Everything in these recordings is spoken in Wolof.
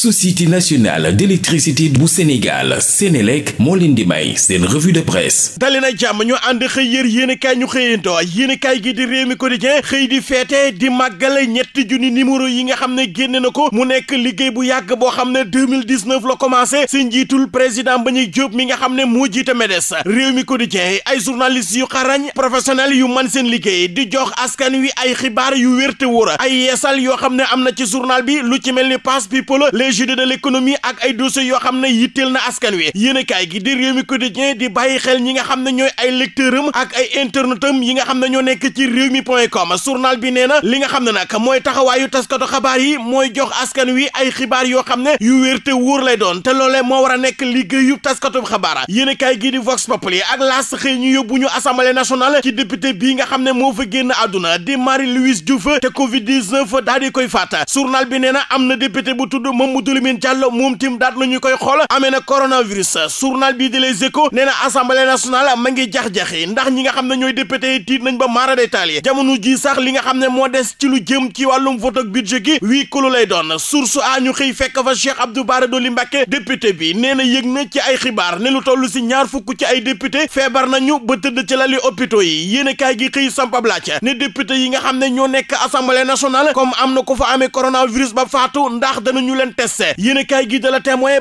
société nationale d'électricité bu Sénégal Sénélec moo leen di may seen revue de presse dali na jàmm ñu ànd xëy yër yéenekaay ñu xëyantoo yéenekaay gi di Rewmi Quotidien xëy di feete di màggale ñetti junni numéro yi nga xam ne génne na ko mu nekk liggéey bu yàgg boo xam ne 2019 la commencé si njiitul président Mbagnick Diop mi nga xam ne moo jiite MEDES Rewmi Quotidien ay journalistes yu xarañ professionnels yu man seen liggéey di jox askan wi ay xibaar yu wér te wóor ay yeesal yoo xam ne am na ci bi rejet de l'économie ak ay dossiers yoo xam ne yitteel na askan wi yéenekaay gi di réew mi quotidien di bàyyi xel ñi nga xam ne ñooy ay lecteur am ak ay internet am yi nga xam ne ñoo nekk ci réew mi point com bi nee na li nga xam ne nag mooy taxawaayu taskatu xabaar yi mooy jox askan wi ay xibaar yoo xam ne yu wér te wóor lay doon te loolee moo war a nekk liggéeyu taskatu xabaar yéenekaay gi di Vox Populi ak laas xëy ñu yóbbu ñu assemblée nationale Mamadou Lamine Diallo moom tim daat la ñu koy xool amee na coronavirus journal bii di Les Échos nee na assemblée nationale ma ngi jax-jaxi ndax ñi nga xam ne ñooy député yi tiit nañ ba maara détail yi jamono ji sax li nga xam ne moo des ci lu jëm ci wàllum vote ak budget gi wii kulu lay doon source a ñu xëy fekk fa Cheikh Abdou Bara Dolly Mbacké député bi nee na yëg na ci ay xibaar ne lu toll si ñaar fukk ci ay député feebar nañu ba tëdd ci lali hôpitaux yi yéene kaay gi xëy sampablaaca ne député yi nga xam ne ñoo nekk assemblée nationale na ko fa amee coronavirus ba faatu ndax danañu leen test test yéen kaay gi de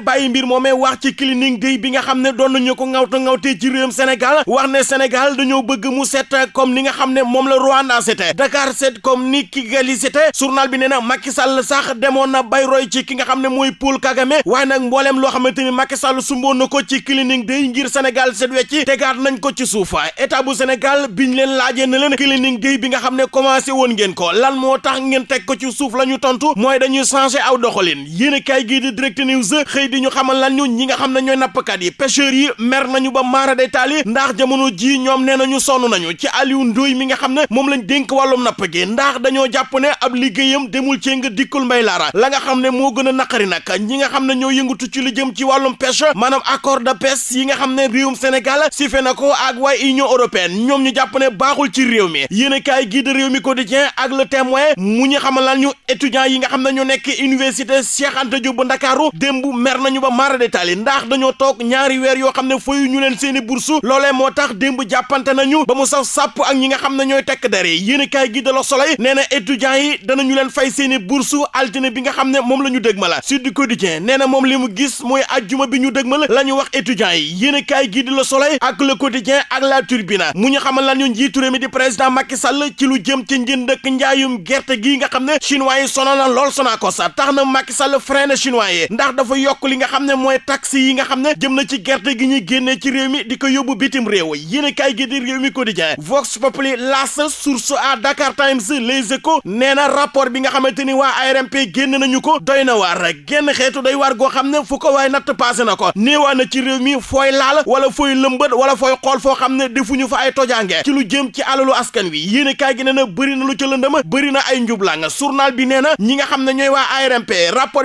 bàyyi mbir moomee wax ci clinique day bi nga xam ne doon nañu ko ŋawta ŋawtee ci réewum Sénégal wax ne Sénégal dañoo bëgg mu set comme ni nga xam ne moom la Rwanda sete Dakar set comme ni Kigali sete journal bi ne na Macky Sall sax demoon na bay roy ci ki nga xam ne mooy Paul Kagame waaye nag mbooleem loo xamante ni Macky Sall sumboon na ko ci clinique day ngir Sénégal set wecci tegaat nañ ko ci suufa état bu Sénégal biñ leen laajee na leen clinique day bi nga xam ne commencé woon ngeen ko lan moo tax ngeen ko ci suuf la ñu tontu mooy dañuy changé aw doxalin yéenekaay gii di Direct News xëy di ñu xamal lan ñu ñi nga xam ne ñooy nappkat yi pêcheurs yi mer nañu ba maara day taali ndax jamono ji ñoom nee nañu sonn nañu ci Aliou Ndoye mi nga xam ne moom lañ dénk wàllum napp gi ndax dañoo jàpp ne ab liggéeyam demul cee nga dikkul mbay laara la nga xam ne moo gën a naqari nag ñi nga xam ne ñoo yëngatu ci lu jëm ci wàllum pêche maanaam accord de pêche yi nga xam ne réewum Sénégal sife na ko ak waa Union européenne ñoom ñu jàpp ne baaxul ci réew mi yéenekaay gii réew mi quotidien ak le témoin mu ñu xamal lan ñu étudiants yi nga xam ne ñu nekk université Cheikh Anta Diop bu Ndakaaru démb mer nañu ba mara détaillé ndax dañoo toog ñaari weer yoo xam ne fayu ñu leen seeni bourse loolee moo tax démb jàppante nañu ba mu saf sàpp ak ñi nga xam ne ñooy tekk der yi yéenekaay gi de la Soleil nee na yi danañu leen fay seeni bourse altine bi nga xam ne moom la ñu dëgmal Sud Quotidien nee na moom li mu gis mooy ajjuma bi ñu dëgmal la ñu wax étudiants yi yéenekaay gi de la Soleil ak Le Quotidien ak La Tribune mu ñu xamal la ñu njiitu réew di président Macky Sall ci lu jëm ci njënd ak njaayum gerte gi nga xam ne chinois yi sonal na lool Sonacos tax na Macky Sall freiner chinois yi ndax dafa yokk li nga xam ne mooy taxe yi nga xam ne jëm na ci gerte gi ñuy génnee ci réew mi di ko yóbbu bitim réew yéen kaay gi di réew mi ko quotidien Vox Populi L'As Source A Dakar Times Les Échos nee na rapport bi nga xamante ni waa ARMP génn nañu ko doy na waar génn xeetu doy war goo xam ne fu ko waay natt passé na ko néewaa na ci réew mi fooy laal wala fooy lëmbët wala fooy xool foo xam ne ñu fa ay tojange ci lu jëm ci alalu askan wi yéen kaay gi nee na bëri na lu ca lëndëm bëri na ay njublaanga journal bi nee na ñi nga xam ne ñooy waa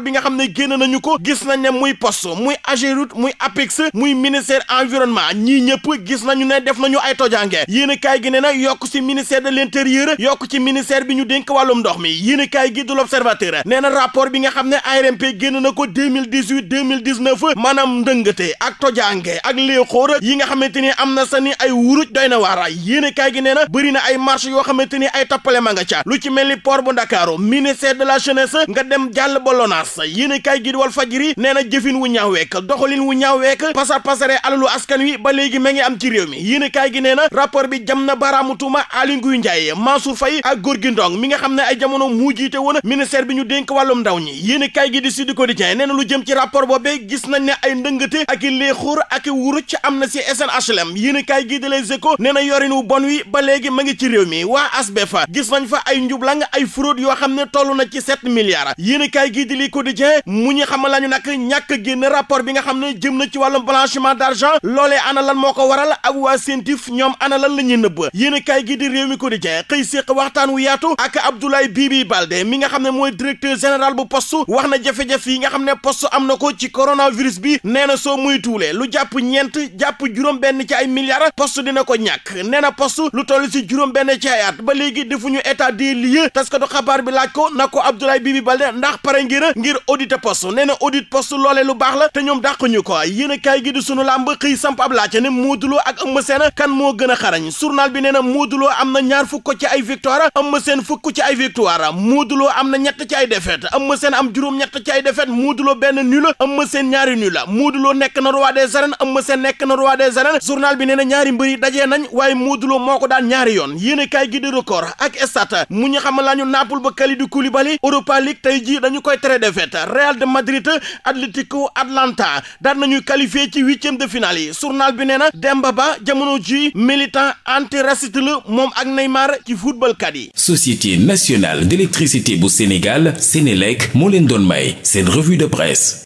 bi xam ne génn nañu ko gis nañ ne muy poste muy Ageroute muy APEX muy ministère environnement ñii ñëpp gis nañu ne def nañu ay tojange yéen kaay gi ne nag yokk ci ministère de l'intérieur yokk ci ministère bi ñu dénk wàllum ndox mi yéen kaay gi du l'observateur nee na rapport bi nga xam ne ARMP génn na ko 2018 2019 maanaam ndëngate ak tojange ak léexóor yi nga xamante ni am na sa ni ay wuru doy na waara yéen kaay gi nee na bëri na ay marché yoo xamante ni ay tappale ma nga ca lu ci mel ni port bu Ndakaaru ministère la jeunesse nga dem jàll ba yéen kay gi di Walf Fadjri nee na jëfin wu ñaaw wekk doxalin wu ñaaw wekk pasar pasare alalu askan wi ba léegi ma ngi am ci réew mi yéen kay gi nee na xam ne ay jamono bi ñu dénk wàllum ndaw ñi yéen kay di Sud nee na lu jëm ci rapport boobee gis nañ ne ay ndëngate ak i léexuur ak i wuruc am na si SNHLM yéen kay gi di Les Échos nee na yorin wu bon wi ba léegi ma ngi ci réew mi waa ASBEF gis nañ fa ay njublang ay fraude yoo xam ne toll na ci sept milliards yéen kay gi di Quotidien mu ñu xamal lañu nag ñàkk a génn rapport bi nga xam ne jëm na ci wàllum blanchiment d'argent loolee ana lan moo ko waral ak waa CENTIF ñoom ana lan la ñuy nëbb yéen a gi di réew mi Quotidien xëy séq waxtaan wu yaatu ak Abdoulaye Bibi Baldé mi nga xam ne mooy directeur général bu postu wax na jafe-jafe yi nga xam ne poste am na ko ci coronavirus bi nee na soo muy tuulee lu jàpp ñeent jàpp juróom benn ci ay milliards poste dina ko ñàkk nee na poste lu toll si juróom benn ci ba léegi defuñu état des lieux taskatu xabaar bi laaj ko na ko Abdoulaye Bibi Baldé ndax pare ngir ngir audité poste nee na audit poste lu baax la te ñoom dàq ñu ko yéen a kaay gi di sunu làmb xëy samp ab laajte ne Modou ak Eumeu kan moo gën a xarañ journal bi nee na Modou am na ñaar fukk ko ci ay victoire Eumeu Sène fukk ci ay victoire Modou Lo am na ñett ci ay défaite Eumeu Sène am juróom-ñett ci ay défaite Modou Lo na nul Eumeu Sène ñaari nul Modou muuduloo nekk na roi des arènes Eumeu Sène nekk na roi des arènes journal bi nee na ñaari mbër yi dajee nañ waaye Modou Lo moo ko daan ñaari yoon yéen a kaay gi di record ak Stades ñu xamal la ñu Naples ba Kalidou Koulibaly Europa tey jii dañu koy tere défaite Real de Madrid Atlético Atlanta daan nañu qualifié ci huitième de finale yi journal bi neena na Demba Ba jamono ji militant antiraciste la moom ak Neymar ci footballkat yi. Société nationale d'électricité bu Sénégal Sénélec moo leen doon may seen revue de presse.